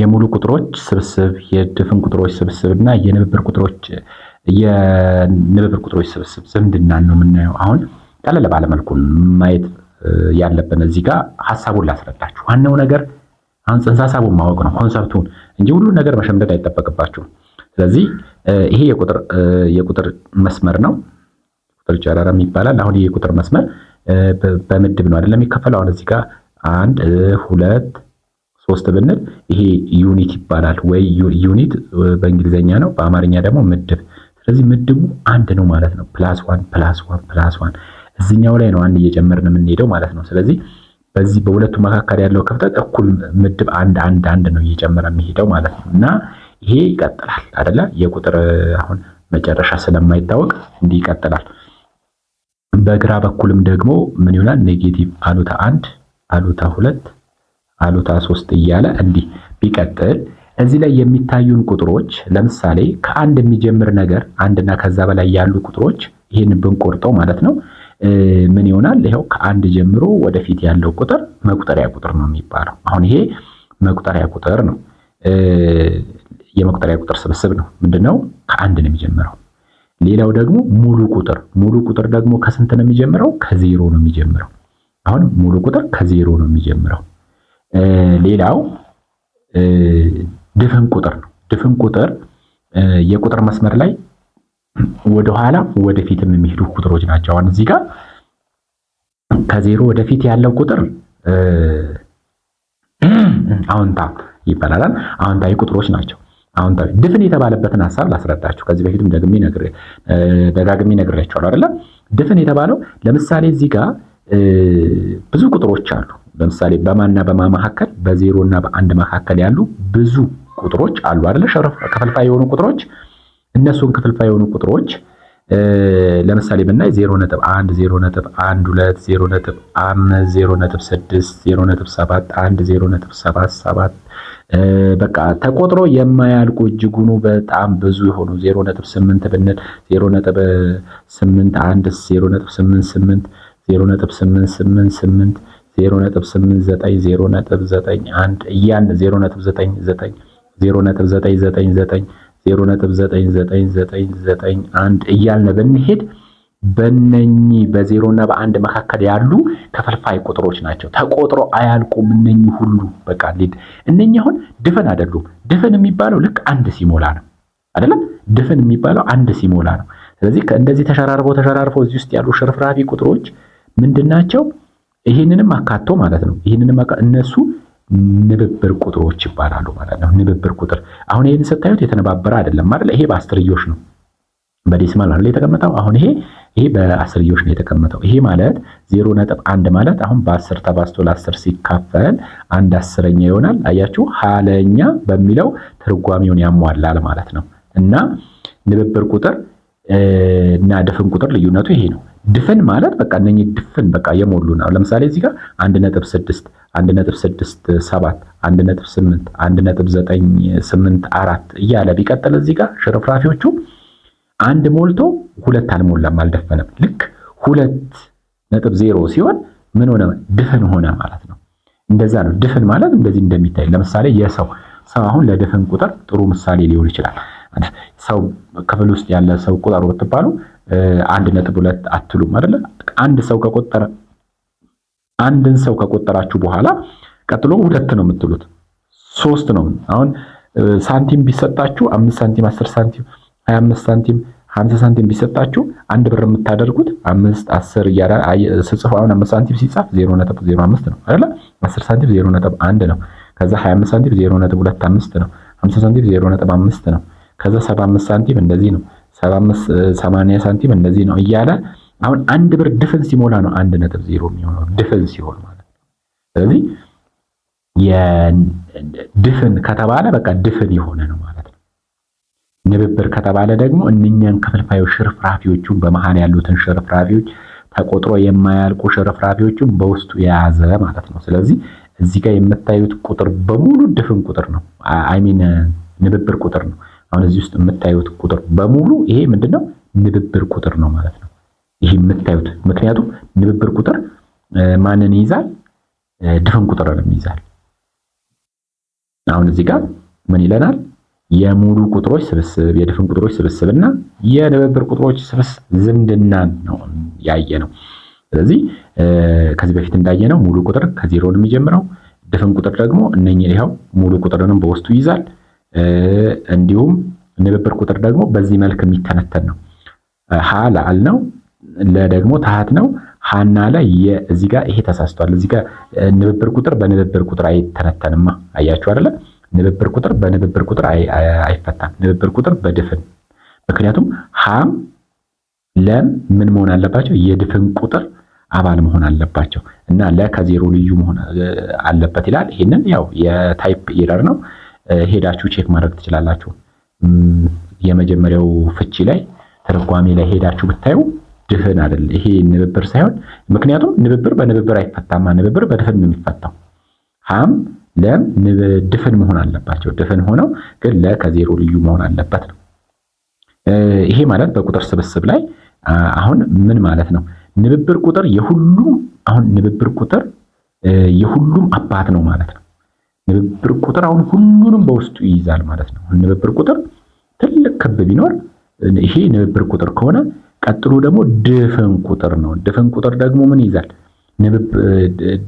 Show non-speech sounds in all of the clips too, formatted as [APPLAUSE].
የሙሉ ቁጥሮች ስብስብ፣ የድፍን ቁጥሮች ስብስብ እና የንብብር ቁጥሮች የንብብር ቁጥሮች ስብስብ ዝምድና ነው የምናየው። አሁን ቀለል ባለመልኩ ማየት ያለብን እዚህ ጋር ሀሳቡን ላስረዳችሁ። ዋናው ነገር አሁን ጽንሰ ሀሳቡን ማወቅ ነው ኮንሰፕቱን እንጂ ሁሉን ነገር መሸምደድ አይጠበቅባችሁም። ስለዚህ ይሄ የቁጥር መስመር ነው፣ ቁጥር ጨረረም ይባላል። አሁን ይሄ የቁጥር መስመር በምድብ ነው አይደለም የሚከፈለው። አሁን እዚህ ጋር አንድ ሁለት ሶስት ብንል ይሄ ዩኒት ይባላል ወይ ዩኒት በእንግሊዘኛ ነው፣ በአማርኛ ደግሞ ምድብ። ስለዚህ ምድቡ አንድ ነው ማለት ነው። ፕላስ ዋን ፕላስ ዋን ፕላስ ዋን እዚኛው ላይ ነው አንድ እየጨመርን የምንሄደው ማለት ነው። ስለዚህ በዚህ በሁለቱ መካከል ያለው ክፍተት እኩል ምድብ አንድ አንድ አንድ ነው እየጨመረ የሚሄደው ማለት ነው። እና ይሄ ይቀጥላል አደለ? የቁጥር አሁን መጨረሻ ስለማይታወቅ እንዲህ ይቀጥላል። በግራ በኩልም ደግሞ ምን ይሆናል? ኔጌቲቭ አሉታ አንድ አሉታ ሁለት አሉታ ሶስት እያለ እንዲህ ቢቀጥል እዚህ ላይ የሚታዩን ቁጥሮች ለምሳሌ ከአንድ የሚጀምር ነገር አንድና ከዛ በላይ ያሉ ቁጥሮች ይህን ብንቆርጠው ማለት ነው ምን ይሆናል? ይኸው ከአንድ ጀምሮ ወደፊት ያለው ቁጥር መቁጠሪያ ቁጥር ነው የሚባለው። አሁን ይሄ መቁጠሪያ ቁጥር ነው፣ የመቁጠሪያ ቁጥር ስብስብ ነው። ምንድነው? ከአንድ ነው የሚጀምረው። ሌላው ደግሞ ሙሉ ቁጥር፣ ሙሉ ቁጥር ደግሞ ከስንት ነው የሚጀምረው? ከዜሮ ነው የሚጀምረው። አሁን ሙሉ ቁጥር ከዜሮ ነው የሚጀምረው። ሌላው ድፍን ቁጥር ነው። ድፍን ቁጥር የቁጥር መስመር ላይ ወደኋላ ወደፊትም የሚሄዱ ቁጥሮች ናቸው። አሁን እዚህ ጋር ከዜሮ ወደፊት ያለው ቁጥር አውንታ ይባላል። አዎንታዊ ቁጥሮች ናቸው። አዎንታዊ ድፍን የተባለበትን ሐሳብ ላስረዳችሁ። ከዚህ በፊትም ደግሜ ነግሬ ደጋግሜ ነግሬያችኋለሁ አይደለ? ድፍን የተባለው ለምሳሌ እዚህ ጋር ብዙ ቁጥሮች አሉ። ለምሳሌ በማና በማ መካከል በዜሮ እና በአንድ መካከል ያሉ ብዙ ቁጥሮች አሉ አይደለ? ክፍልፋይ የሆኑ ቁጥሮች እነሱን ክፍልፋይ የሆኑ ቁጥሮች ለምሳሌ ብናይ 0.1 0.12 0.5 0.6 ነጥብ 1 0.77 በቃ ተቆጥሮ የማያልቁ እጅጉኑ በጣም ብዙ የሆኑ 0.8 ብንል 0.81 0.88 0.888 0.891 እያልን ብንሄድ በነኚህ በዜሮ እና በአንድ መካከል ያሉ ከፈልፋይ ቁጥሮች ናቸው። ተቆጥሮ አያልቁም። እነኚህ ሁሉ በቃ ሊድ እነኚህ አሁን ድፍን አይደሉም። ድፍን የሚባለው ልክ አንድ ሲሞላ ነው አይደለም? ድፍን የሚባለው አንድ ሲሞላ ነው። ስለዚህ ከእንደዚህ ተሸራርፎ ተሸራርፎ እዚህ ውስጥ ያሉ ሽርፍራፊ ቁጥሮች ምንድናቸው? ይህንንም አካቶ ማለት ነው። ይህንንም እነሱ ንብብር ቁጥሮች ይባላሉ ማለት ነው። ንብብር ቁጥር አሁን ይህን ስታዩት የተነባበረ አይደለም አይደል? ይሄ በአስርዮሽ ነው በዴሲማል አይደል የተቀመጠው። አሁን ይሄ ይሄ በአስርዮሽ ነው የተቀመጠው። ይሄ ማለት ዜሮ ነጥብ አንድ ማለት አሁን በአስር ተባዝቶ ለአስር ሲካፈል አንድ አስረኛ ይሆናል። አያችሁ ሀለኛ በሚለው ትርጓሚውን ያሟላል ማለት ነው። እና ንብብር ቁጥር እና ድፍን ቁጥር ልዩነቱ ይሄ ነው። ድፍን ማለት በቃ እነኚህ ድፍን በቃ የሞሉ ነው። ለምሳሌ እዚህ ጋር አንድ ነጥብ ስድስት አንድ ነጥብ ስድስት ሰባት አንድ ነጥብ ስምንት አንድ ነጥብ ዘጠኝ ስምንት አራት እያለ ቢቀጥል እዚህ ጋር ሽርፍራፊዎቹ አንድ ሞልቶ ሁለት አልሞላም፣ አልደፈንም። ልክ ሁለት ነጥብ ዜሮ ሲሆን ምን ሆነ? ድፍን ሆነ ማለት ነው። እንደዛ ነው። ድፍን ማለት እንደዚህ እንደሚታይ ለምሳሌ የሰው ሰው አሁን ለድፍን ቁጥር ጥሩ ምሳሌ ሊሆን ይችላል። ሰው ክፍል ውስጥ ያለ ሰው ቁጥር ብትባሉ አንድ ነጥብ ሁለት አትሉም አይደለ? አንድ ሰው ከቆጠረ አንድን ሰው ከቆጠራችሁ በኋላ ቀጥሎ ሁለት ነው የምትሉት፣ ሶስት ነው። አሁን ሳንቲም ቢሰጣችሁ አምስት ሳንቲም፣ አስር ሳንቲም፣ ሀያ አምስት ሳንቲም፣ ሀምሳ ሳንቲም ቢሰጣችሁ አንድ ብር የምታደርጉት አምስት አስር እያለ ስጽፉ፣ አሁን አምስት ሳንቲም ሲጻፍ ዜሮ ነጥብ ዜሮ አምስት ነው አይደለ? አስር ሳንቲም ዜሮ ነጥብ አንድ ነው። ከዛ ሀያ አምስት ሳንቲም ዜሮ ነጥብ ሁለት አምስት ነው። ሀምሳ ሳንቲም ዜሮ ነጥብ አምስት ነው። ከዛ ሰባ አምስት ሳንቲም እንደዚህ ነው። ሰማንያ ሳንቲም እንደዚህ ነው እያለ አሁን አንድ ብር ድፍን ሲሞላ ነው አንድ ነጥብ ዜሮ የሚሆነው ድፍን ሲሆን ማለት ነው። ስለዚህ ድፍን ከተባለ በቃ ድፍን የሆነ ነው ማለት ነው። ንብብር ከተባለ ደግሞ እነኛን ክፍልፋዮች ሽርፍራፊዎቹን በመሃል ያሉትን ሽርፍራፊዎች ተቆጥሮ የማያልቁ ሽርፍራፊዎቹን በውስጡ የያዘ ማለት ነው። ስለዚህ እዚህ ጋር የምታዩት ቁጥር በሙሉ ድፍን ቁጥር ነው። አይ ሚን ንብብር ቁጥር ነው። አሁን እዚህ ውስጥ የምታዩት ቁጥር በሙሉ ይሄ ምንድነው ንብብር ቁጥር ነው ማለት ነው። ይሄ የምታዩት ምክንያቱም ንብብር ቁጥር ማንን ይይዛል? ድፍን ቁጥርንም ይይዛል። አሁን እዚህ ጋር ምን ይለናል? የሙሉ ቁጥሮች ስብስብ፣ የድፍን ቁጥሮች እና የንብብር ቁጥሮች ስብስብ ዝምድና ነው ያየ ነው። ስለዚህ ከዚህ በፊት እንዳየነው ሙሉ ቁጥር ከዜሮ ነው የሚጀምረው። ድፍን ቁጥር ደግሞ እነኚህ ይኸው ሙሉ ቁጥርንም በውስጡ ይይዛል። እንዲሁም ንብብር ቁጥር ደግሞ በዚህ መልክ የሚተነተን ነው። ሀ ለአል ነው። ለደግሞ ታሃት ነው። ሀና ላይ እዚህ ጋር ይሄ ተሳስቷል። እዚህ ጋር ንብብር ቁጥር በንብብር ቁጥር አይተነተንማ። አያችሁ አይደለ? ንብብር ቁጥር በንብብር ቁጥር አይፈታም። ንብብር ቁጥር በድፍን ምክንያቱም ሀም ለም ምን መሆን አለባቸው? የድፍን ቁጥር አባል መሆን አለባቸው እና ለከዜሮ ልዩ መሆን አለበት ይላል። ይህንን ያው የታይፕ ኢረር ነው። ሄዳችሁ ቼክ ማድረግ ትችላላችሁ። የመጀመሪያው ፍቺ ላይ ተረጓሜ ላይ ሄዳችሁ ብታዩ ድፍን አይደል፣ ይሄ ንብብር ሳይሆን ምክንያቱም ንብብር በንብብር አይፈታማ፣ ንብብር በድፍን ነው የሚፈታው። ሀም ለም ድፍን መሆን አለባቸው። ድፍን ሆነው ግን ለ ከዜሮ ልዩ መሆን አለበት ነው። ይሄ ማለት በቁጥር ስብስብ ላይ አሁን ምን ማለት ነው? ንብብር ቁጥር የሁሉም አሁን ንብብር ቁጥር የሁሉም አባት ነው ማለት ነው። ንብብር ቁጥር አሁን ሁሉንም በውስጡ ይይዛል ማለት ነው። ንብብር ቁጥር ትልቅ ክብ ቢኖር ይሄ ንብብር ቁጥር ከሆነ ቀጥሎ ደግሞ ድፍን ቁጥር ነው። ድፍን ቁጥር ደግሞ ምን ይይዛል?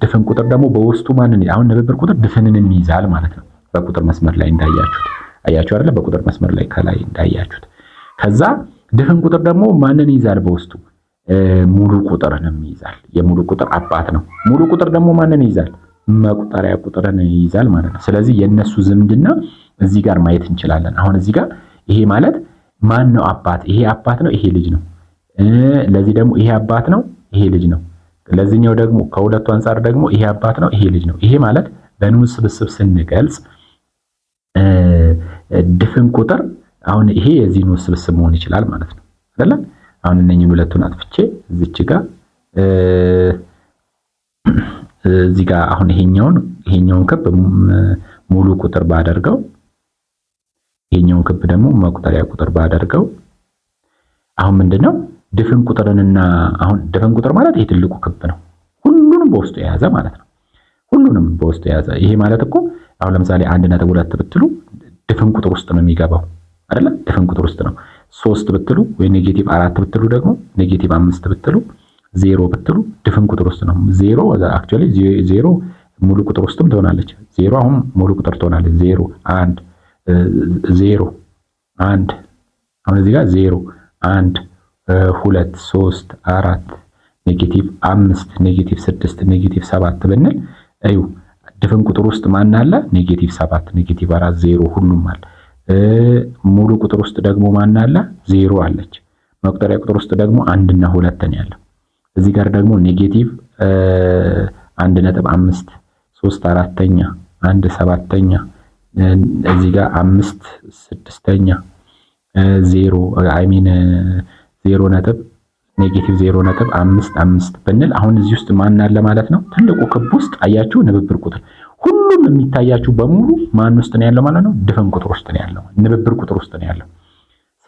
ድፍን ቁጥር ደግሞ በውስጡ ማንን አሁን ንብብር ቁጥር ድፍንንም ይይዛል ማለት ነው። በቁጥር መስመር ላይ እንዳያችሁት አያችሁ አይደለ? በቁጥር መስመር ላይ ከላይ እንዳያችሁት። ከዛ ድፍን ቁጥር ደግሞ ማንን ይይዛል? በውስጡ ሙሉ ቁጥርንም ይይዛል። የሙሉ ቁጥር አባት ነው። ሙሉ ቁጥር ደግሞ ማንን ይይዛል? መቁጠሪያ ቁጥርን ይይዛል ማለት ነው። ስለዚህ የእነሱ ዝምድና እዚህ ጋር ማየት እንችላለን። አሁን እዚህ ጋር ይሄ ማለት ማን ነው አባት? ይሄ አባት ነው፣ ይሄ ልጅ ነው። ለዚህ ደግሞ ይሄ አባት ነው፣ ይሄ ልጅ ነው። ለዚህኛው ደግሞ ከሁለቱ አንጻር ደግሞ ይሄ አባት ነው፣ ይሄ ልጅ ነው። ይሄ ማለት በንዑስ ስብስብ ስንገልጽ ድፍን ቁጥር አሁን ይሄ የዚህ ንዑስ ስብስብ መሆን ይችላል ማለት ነው አይደለ? አሁን እነኝህን ሁለቱን አጥፍቼ እዚች ጋር እዚህ ጋር አሁን ይሄኛውን ይሄኛውን ክብ ሙሉ ቁጥር ባደርገው ይሄኛውን ክብ ደግሞ መቁጠሪያ ቁጥር ባደርገው አሁን ምንድነው ድፍን ቁጥርንና አሁን ድፍን ቁጥር ማለት ይሄ ትልቁ ክብ ነው። ሁሉንም በውስጡ የያዘ ማለት ነው። ሁሉንም በውስጡ የያዘ ይሄ ማለት እኮ አሁን ለምሳሌ አንድ ነጥብ ሁለት ብትሉ ድፍን ቁጥር ውስጥ ነው የሚገባው አይደለ? ድፍን ቁጥር ውስጥ ነው። ሶስት ብትሉ ወይ ኔጌቲቭ አራት ብትሉ ደግሞ ኔጌቲቭ አምስት ብትሉ ዜሮ ብትሉ ድፍን ቁጥር ውስጥ ነው። ዜሮ አክቹዋሊ ዜሮ ሙሉ ቁጥር ውስጥም ትሆናለች። ዜሮ አሁን ሙሉ ቁጥር ትሆናለች። ዜሮ አንድ፣ ዜሮ አንድ። አሁን እዚህ ጋር ዜሮ አንድ፣ ሁለት፣ ሶስት፣ አራት፣ ኔጌቲቭ አምስት፣ ኔጌቲቭ ስድስት፣ ኔጌቲቭ ሰባት ብንል እዩ ድፍን ቁጥር ውስጥ ማን አለ? ኔጌቲቭ ሰባት፣ ኔጌቲቭ አራት፣ ዜሮ ሁሉም አለ። ሙሉ ቁጥር ውስጥ ደግሞ ማን አለ? ዜሮ አለች። መቁጠሪያ ቁጥር ውስጥ ደግሞ አንድና ሁለትን ያለው እዚህ ጋር ደግሞ ኔጌቲቭ አንድ ነጥብ አምስት ሶስት አራተኛ አንድ ሰባተኛ እዚህ ጋር አምስት ስድስተኛ ዜሮ ዜሮ ነጥብ ኔጌቲቭ ዜሮ ነጥብ አምስት አምስት ብንል አሁን እዚህ ውስጥ ማን አለ ማለት ነው? ትልቁ ክብ ውስጥ አያችሁ ንብብር ቁጥር ሁሉም የሚታያችሁ በሙሉ ማን ውስጥ ነው ያለው ማለት ነው? ድፍን ቁጥር ውስጥ ነው ያለው፣ ንብብር ቁጥር ውስጥ ነው ያለው።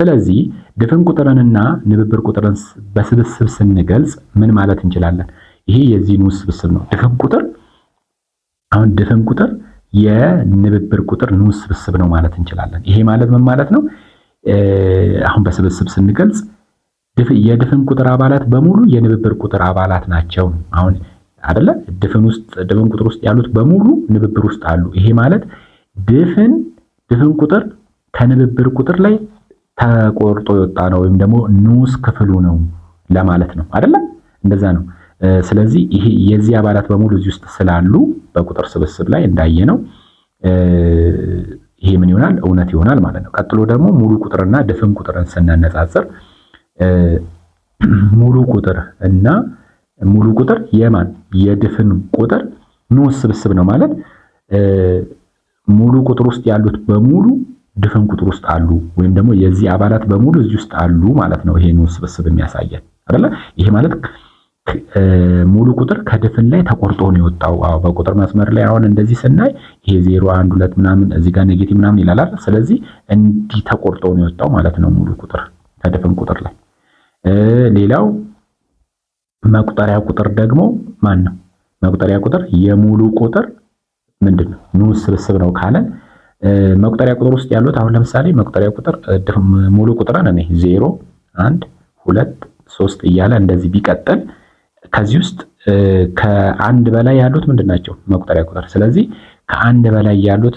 ስለዚህ ድፍን ቁጥርንና ንብብር ቁጥርን በስብስብ ስንገልጽ ምን ማለት እንችላለን? ይሄ የዚህ ንዑስ ስብስብ ነው። ድፍን ቁጥር አሁን ድፍን ቁጥር የንብብር ቁጥር ንዑስ ስብስብ ነው ማለት እንችላለን። ይሄ ማለት ምን ማለት ነው? አሁን በስብስብ ስንገልጽ የድፍን ቁጥር አባላት በሙሉ የንብብር ቁጥር አባላት ናቸው። አሁን አደለ ድፍን ውስጥ ድፍን ቁጥር ውስጥ ያሉት በሙሉ ንብብር ውስጥ አሉ። ይሄ ማለት ድፍን ድፍን ቁጥር ከንብብር ቁጥር ላይ ተቆርጦ የወጣ ነው ወይም ደግሞ ንዑስ ክፍሉ ነው ለማለት ነው አይደለም? እንደዛ ነው። ስለዚህ ይሄ የዚህ አባላት በሙሉ እዚህ ውስጥ ስላሉ በቁጥር ስብስብ ላይ እንዳየ ነው ይሄ ምን ይሆናል? እውነት ይሆናል ማለት ነው። ቀጥሎ ደግሞ ሙሉ ቁጥርና ድፍን ቁጥርን ስናነጻጽር ሙሉ ቁጥር እና ሙሉ ቁጥር የማን የድፍን ቁጥር ንዑስ ስብስብ ነው ማለት ሙሉ ቁጥር ውስጥ ያሉት በሙሉ ድፍን ቁጥር ውስጥ አሉ ወይም ደግሞ የዚህ አባላት በሙሉ እዚህ ውስጥ አሉ ማለት ነው። ይሄን ስብስብ የሚያሳየን አይደለ? ይሄ ማለት ሙሉ ቁጥር ከድፍን ላይ ተቆርጦ ነው የወጣው። አዎ በቁጥር መስመር ላይ አሁን እንደዚህ ስናይ ይሄ ዜሮ 1 2 ምናምን እዚህ ጋር ኔጌቲቭ ምናምን ይላል አይደል? ስለዚህ እንዲህ ተቆርጦ ነው የወጣው ማለት ነው ሙሉ ቁጥር ከድፍን ቁጥር ላይ። ሌላው መቁጠሪያ ቁጥር ደግሞ ማን ነው? መቁጠሪያ ቁጥር የሙሉ ቁጥር ምንድን ነው? ንዑስ ስብስብ ነው ካለን መቁጠሪያ ቁጥር ውስጥ ያሉት አሁን ለምሳሌ መቁጠሪያ ቁጥር ሙሉ ቁጥርን እኔ ዜሮ አንድ ሁለት ሶስት እያለ እንደዚህ ቢቀጥል ከዚህ ውስጥ ከአንድ በላይ ያሉት ምንድን ናቸው? መቁጠሪያ ቁጥር። ስለዚህ ከአንድ በላይ ያሉት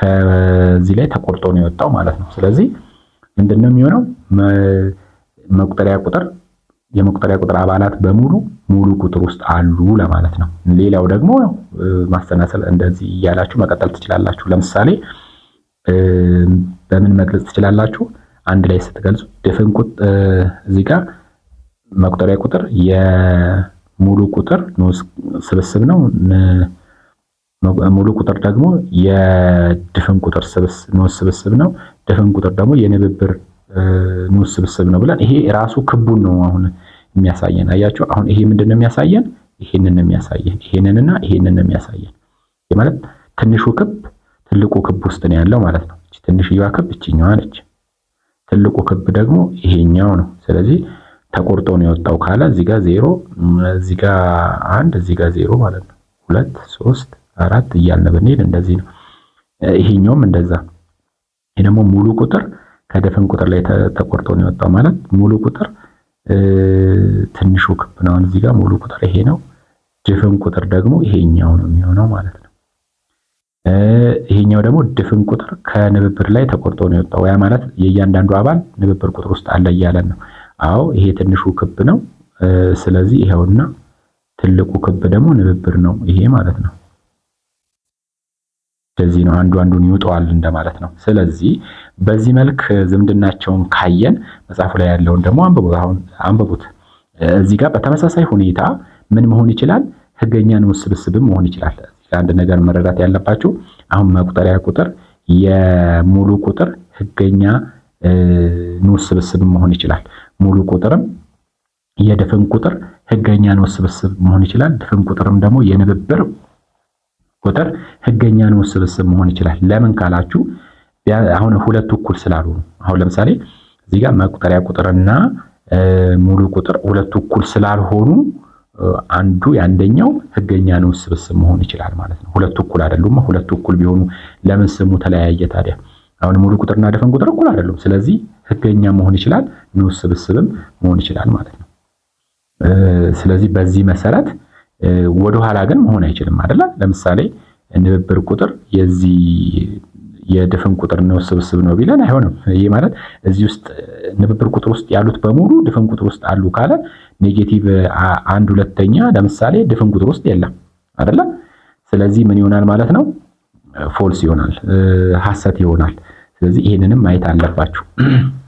ከዚህ ላይ ተቆርጦ ነው የወጣው ማለት ነው። ስለዚህ ምንድን ነው የሚሆነው? መቁጠሪያ ቁጥር የመቁጠሪያ ቁጥር አባላት በሙሉ ሙሉ ቁጥር ውስጥ አሉ ለማለት ነው። ሌላው ደግሞ ማሰናሰል እንደዚህ እያላችሁ መቀጠል ትችላላችሁ። ለምሳሌ በምን መግለጽ ትችላላችሁ? አንድ ላይ ስትገልጹ ድፍን እዚህ ጋር መቁጠሪያ ቁጥር የሙሉ ቁጥር ስብስብ ነው። ሙሉ ቁጥር ደግሞ የድፍን ቁጥር ስብስብ ነው። ድፍን ቁጥር ደግሞ የንብብር ንዑስ ስብስብ ነው ብለን ይሄ ራሱ ክቡን ነው አሁን የሚያሳየን። አያችሁ አሁን ይሄ ምንድን ነው የሚያሳየን? ይሄንን ነው የሚያሳየን። ይሄንንና ይሄንን ነው የሚያሳየን ማለት ትንሹ ክብ ትልቁ ክብ ውስጥ ነው ያለው ማለት ነው። እቺ ትንሽየዋ ክብ እቺኛዋ ነች። ትልቁ ክብ ደግሞ ይሄኛው ነው። ስለዚህ ተቆርጦ ነው የወጣው ካለ እዚህ ጋር 0 እዚህ ጋር 1 እዚህ ጋር 0 ማለት ነው። 2 3 አራት እያልን ብንሄድ እንደዚህ ነው። ይሄኛውም እንደዛ። ይሄ ደግሞ ሙሉ ቁጥር ከድፍን ቁጥር ላይ ተቆርጦ ነው የወጣው ማለት ሙሉ ቁጥር ትንሹ ክብ ነው። እዚህ ጋር ሙሉ ቁጥር ይሄ ነው። ድፍን ቁጥር ደግሞ ይሄኛው ነው የሚሆነው ማለት ነው። ይሄኛው ደግሞ ድፍን ቁጥር ከንብብር ላይ ተቆርጦ ነው የወጣው። ያ ማለት የእያንዳንዱ አባል ንብብር ቁጥር ውስጥ አለ እያለን ነው። አዎ ይሄ ትንሹ ክብ ነው። ስለዚህ ይሄውና ትልቁ ክብ ደግሞ ንብብር ነው ይሄ ማለት ነው። ስለዚህ ነው አንዱ አንዱን ይውጠዋል እንደማለት ነው። ስለዚህ በዚህ መልክ ዝምድናቸውን ካየን መጽሐፉ ላይ ያለውን ደግሞ አንብቡት። አሁን አንብቡት። እዚህ ጋር በተመሳሳይ ሁኔታ ምን መሆን ይችላል? ህገኛ ንዑስ ስብስብም መሆን ይችላል። አንድ ነገር መረዳት ያለባችሁ አሁን መቁጠሪያ ቁጥር የሙሉ ቁጥር ህገኛ ንዑስ ስብስብ መሆን ይችላል። ሙሉ ቁጥርም የድፍን ቁጥር ህገኛ ንዑስ ስብስብ መሆን ይችላል። ድፍን ቁጥርም ደግሞ የንብብር ቁጥር ህገኛ ንዑስ ስብስብ መሆን ይችላል። ለምን ካላችሁ አሁን ሁለቱ እኩል ስላሉ ነው። አሁን ለምሳሌ እዚህ ጋር መቁጠሪያ ቁጥርና ሙሉ ቁጥር ሁለቱ እኩል ስላልሆኑ አንዱ የአንደኛው ህገኛ ነው ስብስብ መሆን ይችላል ማለት ነው። ሁለቱ እኩል አይደሉም። ሁለቱ እኩል ቢሆኑ ለምን ስሙ ተለያየ ታዲያ? አሁን ሙሉ ቁጥርና ደፈን ቁጥር እኩል አይደሉም። ስለዚህ ህገኛ መሆን ይችላል፣ ንዑስ ስብስብም መሆን ይችላል ማለት ነው። ስለዚህ በዚህ መሰረት ወደኋላ ግን መሆን አይችልም አይደለ? ለምሳሌ ንብብር ቁጥር የዚህ የድፍን ቁጥር ንዑስ ስብስብ ነው ቢለን አይሆንም። ይህ ማለት እዚህ ውስጥ ንብብር ቁጥር ውስጥ ያሉት በሙሉ ድፍን ቁጥር ውስጥ አሉ ካለ ኔጌቲቭ አንድ ሁለተኛ ለምሳሌ ድፍን ቁጥር ውስጥ የለም አይደለ? ስለዚህ ምን ይሆናል ማለት ነው? ፎልስ ይሆናል፣ ሐሰት ይሆናል። ስለዚህ ይሄንንም ማየት አለባችሁ። [CLEARS THROAT]